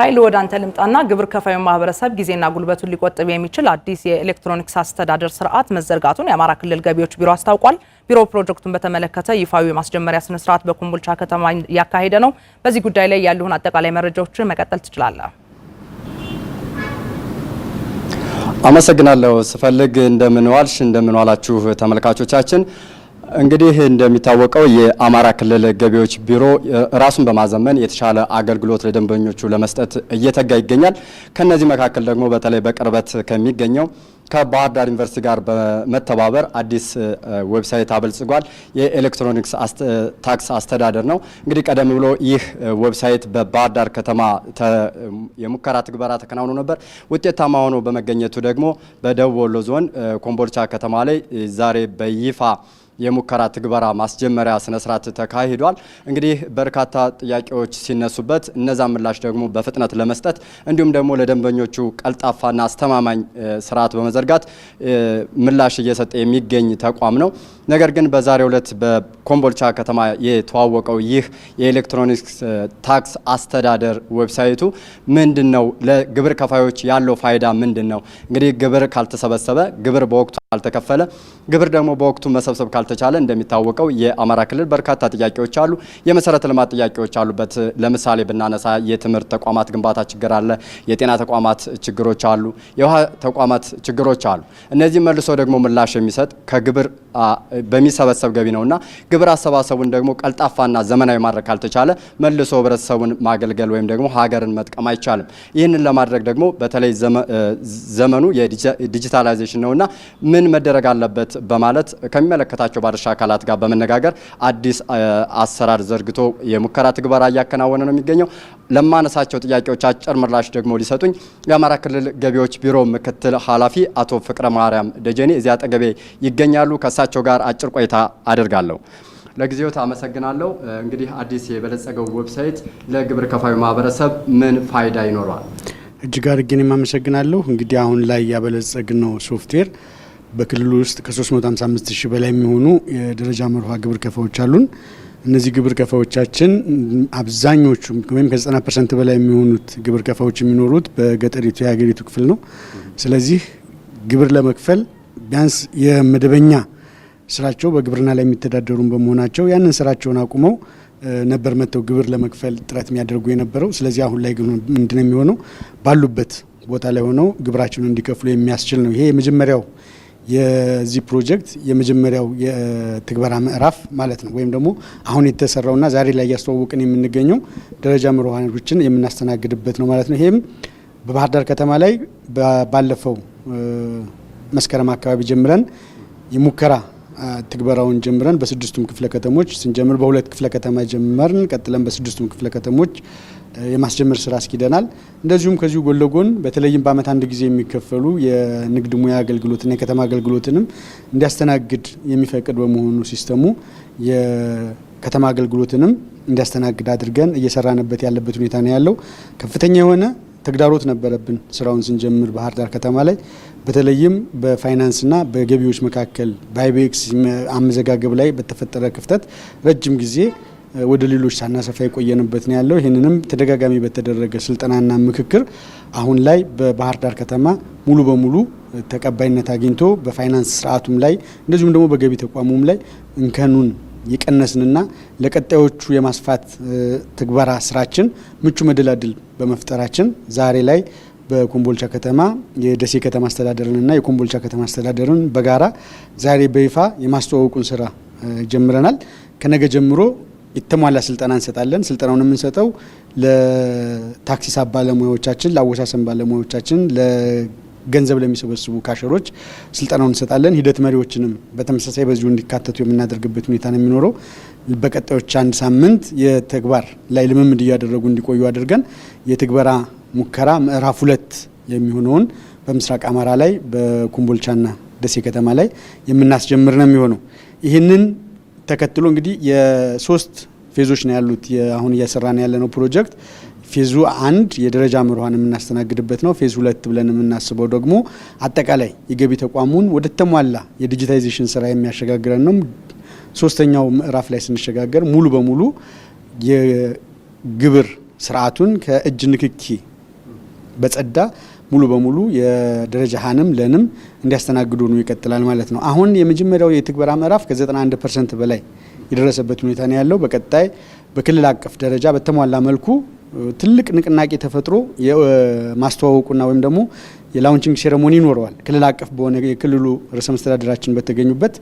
ኃይል ወደ አንተ ልምጣና ግብር ከፋዩ ማህበረሰብ ጊዜና ጉልበቱን ሊቆጥብ የሚችል አዲስ የኤሌክትሮኒክስ አስተዳደር ስርዓት መዘርጋቱን የአማራ ክልል ገቢዎች ቢሮ አስታውቋል። ቢሮው ፕሮጀክቱን በተመለከተ ይፋዊ የማስጀመሪያ ስነስርዓት በኮምቦልቻ ከተማ እያካሄደ ነው። በዚህ ጉዳይ ላይ ያሉን አጠቃላይ መረጃዎችን መቀጠል ትችላለህ። አመሰግናለሁ። ስፈልግ እንደምንዋልሽ እንደምንዋላችሁ ተመልካቾቻችን እንግዲህ እንደሚታወቀው የአማራ ክልል ገቢዎች ቢሮ ራሱን በማዘመን የተሻለ አገልግሎት ለደንበኞቹ ለመስጠት እየተጋ ይገኛል። ከነዚህ መካከል ደግሞ በተለይ በቅርበት ከሚገኘው ከባህር ዳር ዩኒቨርሲቲ ጋር በመተባበር አዲስ ዌብሳይት አበልጽጓል። የኤሌክትሮኒክስ ታክስ አስተዳደር ነው። እንግዲህ ቀደም ብሎ ይህ ዌብሳይት በባህር ዳር ከተማ የሙከራ ትግበራ ተከናውኖ ነበር። ውጤታማ ሆኖ በመገኘቱ ደግሞ በደቡብ ወሎ ዞን ኮምቦልቻ ከተማ ላይ ዛሬ በይፋ የሙከራ ትግበራ ማስጀመሪያ ስነስርዓት ተካሂዷል። እንግዲህ በርካታ ጥያቄዎች ሲነሱበት እነዛ ምላሽ ደግሞ በፍጥነት ለመስጠት እንዲሁም ደግሞ ለደንበኞቹ ቀልጣፋና አስተማማኝ ስርዓት በመዘርጋት ምላሽ እየሰጠ የሚገኝ ተቋም ነው። ነገር ግን በዛሬው ዕለት በኮምቦልቻ ከተማ የተዋወቀው ይህ የኤሌክትሮኒክስ ታክስ አስተዳደር ዌብሳይቱ ምንድን ነው? ለግብር ከፋዮች ያለው ፋይዳ ምንድን ነው? እንግዲህ ግብር ካልተሰበሰበ፣ ግብር በወቅቱ ካልተከፈለ፣ ግብር ደግሞ በወቅቱ መሰብሰብ ካልተ ተቻለ እንደሚታወቀው የአማራ ክልል በርካታ ጥያቄዎች አሉ። የመሰረተ ልማት ጥያቄዎች አሉበት። ለምሳሌ ብናነሳ የትምህርት ተቋማት ግንባታ ችግር አለ። የጤና ተቋማት ችግሮች አሉ። የውሃ ተቋማት ችግሮች አሉ። እነዚህ መልሶ ደግሞ ምላሽ የሚሰጥ ከግብር በሚሰበሰብ ገቢ ነውና ግብር አሰባሰቡን ደግሞ ቀልጣፋና ዘመናዊ ማድረግ ካልተቻለ መልሶ ህብረተሰቡን ማገልገል ወይም ደግሞ ሀገርን መጥቀም አይቻልም። ይህንን ለማድረግ ደግሞ በተለይ ዘመኑ የዲጂታላይዜሽን ነውና ምን መደረግ አለበት በማለት ከሚመለከታቸው ከባለድርሻ ባለድርሻ አካላት ጋር በመነጋገር አዲስ አሰራር ዘርግቶ የሙከራ ትግበራ እያከናወነ ነው የሚገኘው። ለማነሳቸው ጥያቄዎች አጭር ምላሽ ደግሞ ሊሰጡኝ የአማራ ክልል ገቢዎች ቢሮ ምክትል ኃላፊ አቶ ፍቅረ ማርያም ደጀኔ እዚያ አጠገቤ ይገኛሉ። ከእሳቸው ጋር አጭር ቆይታ አድርጋለሁ። ለጊዜው አመሰግናለሁ። እንግዲህ አዲስ የበለጸገው ዌብሳይት ለግብር ከፋዩ ማህበረሰብ ምን ፋይዳ ይኖረዋል? እጅግ አድርጌን አመሰግናለሁ። እንግዲህ አሁን ላይ ያበለጸግነው ሶፍትዌር በክልሉ ውስጥ ከ355 ሺህ በላይ የሚሆኑ የደረጃ መርሃ ግብር ከፋዎች አሉን። እነዚህ ግብር ከፋዎቻችን አብዛኞቹ ወይም ከ90 ፐርሰንት በላይ የሚሆኑት ግብር ከፋዎች የሚኖሩት በገጠሪቱ የሀገሪቱ ክፍል ነው። ስለዚህ ግብር ለመክፈል ቢያንስ የመደበኛ ስራቸው በግብርና ላይ የሚተዳደሩን በመሆናቸው ያንን ስራቸውን አቁመው ነበር መጥተው ግብር ለመክፈል ጥረት የሚያደርጉ የነበረው። ስለዚህ አሁን ላይ ግን ምንድነው የሚሆነው? ባሉበት ቦታ ላይ ሆነው ግብራቸውን እንዲከፍሉ የሚያስችል ነው። ይሄ የመጀመሪያው የዚህ ፕሮጀክት የመጀመሪያው የትግበራ ምዕራፍ ማለት ነው። ወይም ደግሞ አሁን የተሰራውና ዛሬ ላይ እያስተዋወቅን የምንገኘው ደረጃ መርሃኖችን የምናስተናግድበት ነው ማለት ነው። ይህም በባህር ዳር ከተማ ላይ ባለፈው መስከረም አካባቢ ጀምረን የሙከራ ትግበራውን ጀምረን በስድስቱም ክፍለ ከተሞች ስንጀምር በሁለት ክፍለ ከተማ ጀመርን። ቀጥለን በስድስቱም ክፍለ ከተሞች የማስጀመር ስራ አስኪደናል። እንደዚሁም ከዚሁ ጎን ለጎን በተለይም በአመት አንድ ጊዜ የሚከፈሉ የንግድ ሙያ አገልግሎትና የከተማ አገልግሎትንም እንዲያስተናግድ የሚፈቅድ በመሆኑ ሲስተሙ የከተማ አገልግሎትንም እንዲያስተናግድ አድርገን እየሰራንበት ያለበት ሁኔታ ነው ያለው ከፍተኛ የሆነ ተግዳሮት ነበረብን። ስራውን ስንጀምር ባህር ዳር ከተማ ላይ በተለይም በፋይናንስና በገቢዎች መካከል ባይቤክስ አመዘጋገብ ላይ በተፈጠረ ክፍተት ረጅም ጊዜ ወደ ሌሎች ሳናሰፋ የቆየንበት ነው ያለው። ይህንንም ተደጋጋሚ በተደረገ ስልጠናና ምክክር አሁን ላይ በባህር ዳር ከተማ ሙሉ በሙሉ ተቀባይነት አግኝቶ በፋይናንስ ስርዓቱም ላይ እንደዚሁም ደግሞ በገቢ ተቋሙም ላይ እንከኑን የቀነስንና ለቀጣዮቹ የማስፋት ትግበራ ስራችን ምቹ መደላድል በመፍጠራችን ዛሬ ላይ በኮምቦልቻ ከተማ የደሴ ከተማ አስተዳደርንና የኮምቦልቻ ከተማ አስተዳደርን በጋራ ዛሬ በይፋ የማስተዋወቁን ስራ ጀምረናል። ከነገ ጀምሮ የተሟላ ስልጠና እንሰጣለን። ስልጠናውን የምንሰጠው ለታክሲ ሳብ ባለሙያዎቻችን፣ ለአወሳሰን ባለሙያዎቻችን ገንዘብ ለሚሰበስቡ ካሸሮች ስልጠናውን እንሰጣለን። ሂደት መሪዎችንም በተመሳሳይ በዚሁ እንዲካተቱ የምናደርግበት ሁኔታ ነው የሚኖረው። በቀጣዮች አንድ ሳምንት የተግባር ላይ ልምምድ እያደረጉ እንዲቆዩ አድርገን የትግበራ ሙከራ ምዕራፍ ሁለት የሚሆነውን በምስራቅ አማራ ላይ በኮምቦልቻና ደሴ ከተማ ላይ የምናስጀምር ነው የሚሆነው። ይህንን ተከትሎ እንግዲህ የሶስት ፌዞች ነው ያሉት አሁን ነው ያለነው ፕሮጀክት ፌዙ አንድ የደረጃ መርሃን የምናስተናግድበት ነው። ፌዝ ሁለት ብለን የምናስበው ደግሞ አጠቃላይ የገቢ ተቋሙን ወደ ተሟላ የዲጂታይዜሽን ስራ የሚያሸጋግረን ነው። ሶስተኛው ምዕራፍ ላይ ስንሸጋገር ሙሉ በሙሉ የግብር ስርዓቱን ከእጅ ንክኪ በጸዳ ሙሉ በሙሉ የደረጃ ሀንም ለንም እንዲያስተናግዱ ነው ይቀጥላል ማለት ነው። አሁን የመጀመሪያው የትግበራ ምዕራፍ ከ91 ፐርሰንት በላይ የደረሰበት ሁኔታ ነው ያለው። በቀጣይ በክልል አቀፍ ደረጃ በተሟላ መልኩ ትልቅ ንቅናቄ ተፈጥሮ የማስተዋወቁና ወይም ደግሞ የላውንቺንግ ሴረሞኒ ይኖረዋል። ክልል አቀፍ በሆነ የክልሉ ርዕሰ መስተዳድራችን በተገኙበት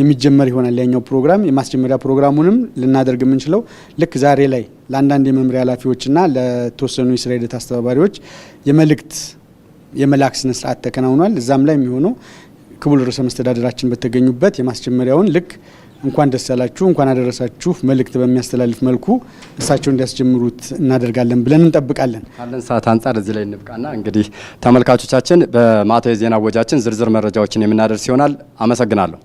የሚጀመር ይሆናል። ያኛው ፕሮግራም የማስጀመሪያ ፕሮግራሙንም ልናደርግ የምንችለው ልክ ዛሬ ላይ ለአንዳንድ የመምሪያ ኃላፊዎችና ለተወሰኑ የስራ ሂደት አስተባባሪዎች የመልእክት የመላክ ስነስርዓት ተከናውኗል። እዛም ላይ የሚሆነው ክቡል ርዕሰ መስተዳድራችን በተገኙበት የማስጀመሪያውን ልክ እንኳን ደስ ያላችሁ እንኳን አደረሳችሁ መልእክት በሚያስተላልፍ መልኩ እሳቸው እንዲያስጀምሩት እናደርጋለን ብለን እንጠብቃለን። ካለን ሰዓት አንጻር እዚህ ላይ እንብቃና እንግዲህ ተመልካቾቻችን በማታ የዜና ወጃችን ዝርዝር መረጃዎችን የምናደርስ ይሆናል። አመሰግናለሁ።